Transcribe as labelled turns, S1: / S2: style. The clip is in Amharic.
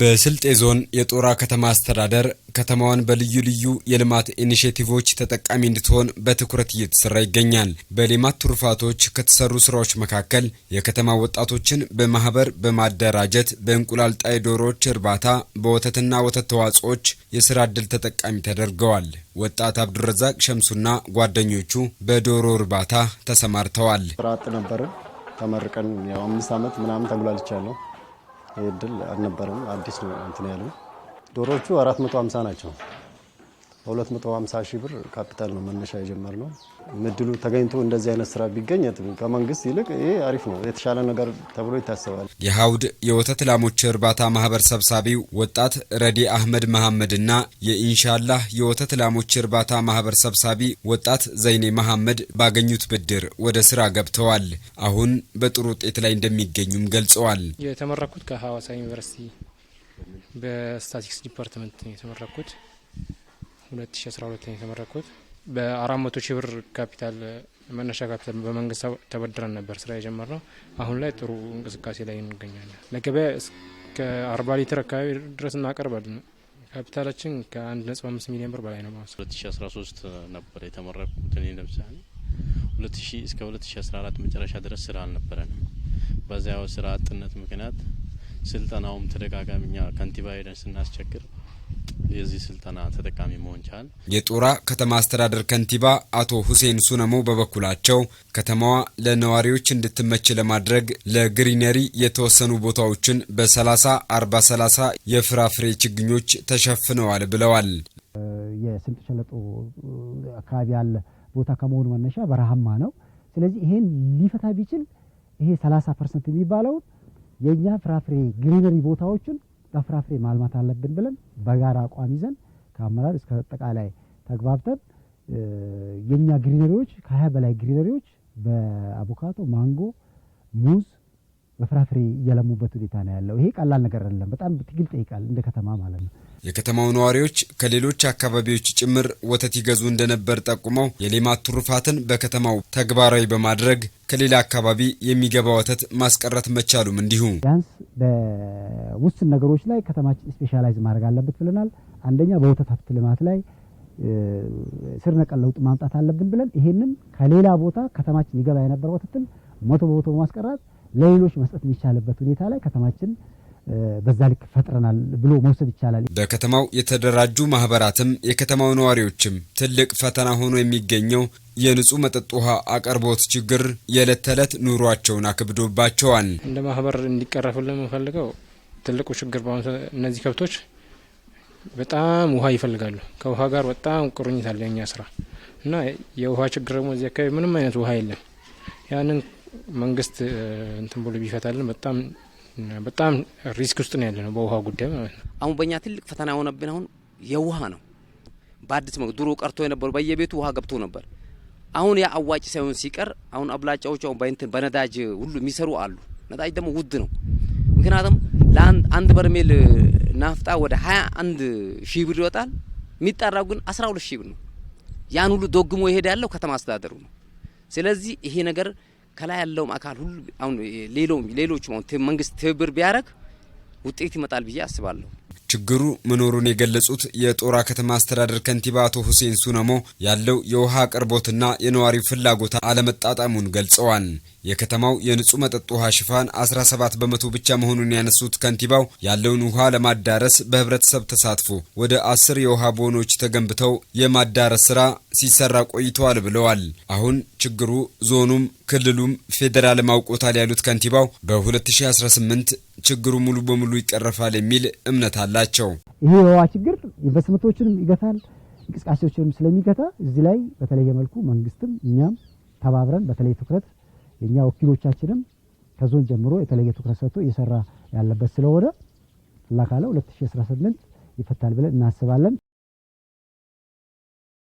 S1: በስልጤ ዞን የጦራ ከተማ አስተዳደር ከተማዋን በልዩ ልዩ የልማት ኢኒሼቲቮች ተጠቃሚ እንድትሆን በትኩረት እየተሰራ ይገኛል። በሌማት ትሩፋቶች ከተሰሩ ስራዎች መካከል የከተማ ወጣቶችን በማህበር በማደራጀት በእንቁላል ጣይ ዶሮዎች እርባታ፣ በወተትና ወተት ተዋጽኦች የስራ ዕድል ተጠቃሚ ተደርገዋል። ወጣት አብዱረዛቅ ሸምሱና ጓደኞቹ በዶሮ እርባታ ተሰማርተዋል።
S2: ስራ አጥ ነበርን። ተመርቀን ያው አምስት ዓመት ምናምን ተጉላልቻለሁ ይህ እድል አልነበረም። አዲስ ነው እንትን ያለው ዶሮዎቹ 450 ናቸው። በ250 ሺህ ብር ካፒታል ነው መነሻ የጀመርነው። ምድሉ ተገኝቶ እንደዚህ አይነት ስራ ቢገኝ ከመንግስት ይልቅ ይህ አሪፍ ነው፣ የተሻለ ነገር ተብሎ ይታሰባል።
S1: የሀውድ የወተት ላሞች እርባታ ማህበር ሰብሳቢው ወጣት ረዲ አህመድ መሐመድና የኢንሻላህ የወተት ላሞች እርባታ ማህበር ሰብሳቢ ወጣት ዘይኔ መሐመድ ባገኙት ብድር ወደ ስራ ገብተዋል። አሁን በጥሩ ውጤት ላይ እንደሚገኙም ገልጸዋል።
S3: የተመረኩት ከሀዋሳ ዩኒቨርሲቲ በስታቲክስ ዲፓርትመንት የተመረኩት 2012 የተመረኩት በአራት መቶ ሺህ ብር ካፒታል መነሻ ካፒታል በመንግስት ተበድረን ነበር ስራ የጀመርነው። አሁን ላይ ጥሩ እንቅስቃሴ ላይ እንገኛለን። ለገበያ እስከ አርባ ሊትር አካባቢ ድረስ እናቀርባለን። ካፒታላችን ከአንድ ነጥብ አምስት ሚሊዮን ብር በላይ ነው። ማለት
S4: ሁለት ሺ አስራ ሶስት ነበር የተመረኩት። እኔ ለምሳሌ ሁለት ሺ እስከ ሁለት ሺ አስራ አራት መጨረሻ ድረስ ስራ አልነበረንም። በዚያው ስራ አጥነት ምክንያት ስልጠናውም ተደጋጋሚ እኛ ከንቲባ ሄደን ስናስቸግር የዚህ ስልጠና ተጠቃሚ መሆን ቻል።
S1: የጦራ ከተማ አስተዳደር ከንቲባ አቶ ሁሴን ሱነሞ በበኩላቸው ከተማዋ ለነዋሪዎች እንድትመች ለማድረግ ለግሪነሪ የተወሰኑ ቦታዎችን በ አርባ 430 የፍራፍሬ ችግኞች ተሸፍነዋል ብለዋል።
S5: የስምጥ ሸለጦ አካባቢ ያለ ቦታ ከመሆኑ መነሻ በረሃማ ነው። ስለዚህ ይሄን ሊፈታ ቢችል ይሄ 30 ፐርሰንት የሚባለውን የእኛ ፍራፍሬ ግሪነሪ ቦታዎችን በፍራፍሬ ማልማት አለብን ብለን በጋራ አቋም ይዘን ከአመራር እስከ አጠቃላይ ተግባብተን የእኛ ግሪነሪዎች ከሀያ በላይ ግሪነሪዎች በአቮካዶ፣ ማንጎ፣ ሙዝ በፍራፍሬ እያለሙበት ሁኔታ ነው ያለው። ይሄ ቀላል ነገር አይደለም። በጣም ትግል ጠይቃል፣ እንደ ከተማ ማለት ነው።
S1: የከተማው ነዋሪዎች ከሌሎች አካባቢዎች ጭምር ወተት ይገዙ እንደነበር ጠቁመው የሌማት ትሩፋትን በከተማው ተግባራዊ በማድረግ ከሌላ አካባቢ የሚገባ ወተት ማስቀረት መቻሉም እንዲሁ
S5: ቢያንስ በውስን ነገሮች ላይ ከተማችን ስፔሻላይዝ ማድረግ አለበት ብለናል። አንደኛ በወተት ሀብት ልማት ላይ ስር ነቀል ለውጥ ማምጣት አለብን ብለን ይሄንን ከሌላ ቦታ ከተማችን ይገባ የነበረ ወተትን መቶ በመቶ በማስቀራት ለሌሎች መስጠት የሚቻልበት ሁኔታ ላይ ከተማችን በዛ ልክ ፈጥረናል ብሎ መውሰድ ይቻላል።
S1: በከተማው የተደራጁ ማህበራትም የከተማው ነዋሪዎችም ትልቅ ፈተና ሆኖ የሚገኘው የንጹህ መጠጥ ውሃ አቅርቦት ችግር የዕለት ተዕለት ኑሯቸውን አክብዶባቸዋል።
S3: እንደ ማህበር እንዲቀረፍልን የምንፈልገው ትልቁ ችግር በአሁኑ እነዚህ ከብቶች በጣም ውሃ ይፈልጋሉ። ከውሃ ጋር በጣም ቁርኝት አለ የኛ ስራ እና የውሃ ችግር ደግሞ እዚህ አካባቢ ምንም አይነት ውሃ የለም። ያንን መንግስት እንትን ብሎ ቢፈታልን በጣም በጣም ሪስክ ውስጥ ነው ያለ ነው በውሃ ጉዳይ ማለት ነው።
S6: አሁን በእኛ ትልቅ ፈተና የሆነብን አሁን የውሃ ነው። በአዲስ መልክ ድሮ ቀርቶ የነበሩ በየቤቱ ውሃ ገብቶ ነበር። አሁን ያ አዋጭ ሳይሆን ሲቀር አሁን አብላጫዎች አሁን በእንትን በነዳጅ ሁሉ የሚሰሩ አሉ። ነዳጅ ደግሞ ውድ ነው። ምክንያቱም ለአንድ በርሜል ናፍጣ ወደ ሀያ አንድ ሺህ ብር ይወጣል። የሚጠራው ግን አስራ ሁለት ሺህ ብር ነው። ያን ሁሉ ዶግሞ ይሄድ ያለው ከተማ አስተዳደሩ ነው። ስለዚህ ይሄ ነገር ከላይ ያለውም አካል ሁሉ አሁን ሌሎችም አሁን መንግስት ትብብር ቢያደርግ ውጤት ይመጣል ብዬ አስባለሁ።
S1: ችግሩ መኖሩን የገለጹት የጦራ ከተማ አስተዳደር ከንቲባ አቶ ሁሴን ሱነሞ ያለው የውሃ አቅርቦትና የነዋሪው ፍላጎት አለመጣጣሙን ገልጸዋል። የከተማው የንጹህ መጠጥ ውሃ ሽፋን 17 በመቶ ብቻ መሆኑን ያነሱት ከንቲባው ያለውን ውሃ ለማዳረስ በህብረተሰብ ተሳትፎ ወደ አስር የውሃ ቦኖች ተገንብተው የማዳረስ ስራ ሲሰራ ቆይተዋል ብለዋል። አሁን ችግሩ ዞኑም ክልሉም ፌዴራል ማውቆታል ያሉት ከንቲባው በ2018 ችግሩ ሙሉ በሙሉ ይቀረፋል የሚል እምነት አላቸው።
S5: ይህ የውሃ ችግር ኢንቨስትመንቶችንም ይገታል፣ እንቅስቃሴዎችንም ስለሚገታ እዚህ ላይ በተለየ መልኩ መንግስትም እኛም ተባብረን በተለይ ትኩረት የእኛ ወኪሎቻችንም ከዞን ጀምሮ የተለየ ትኩረት ሰጥቶ እየሰራ ያለበት ስለሆነ ላካለ 2018 ይፈታል ብለን እናስባለን።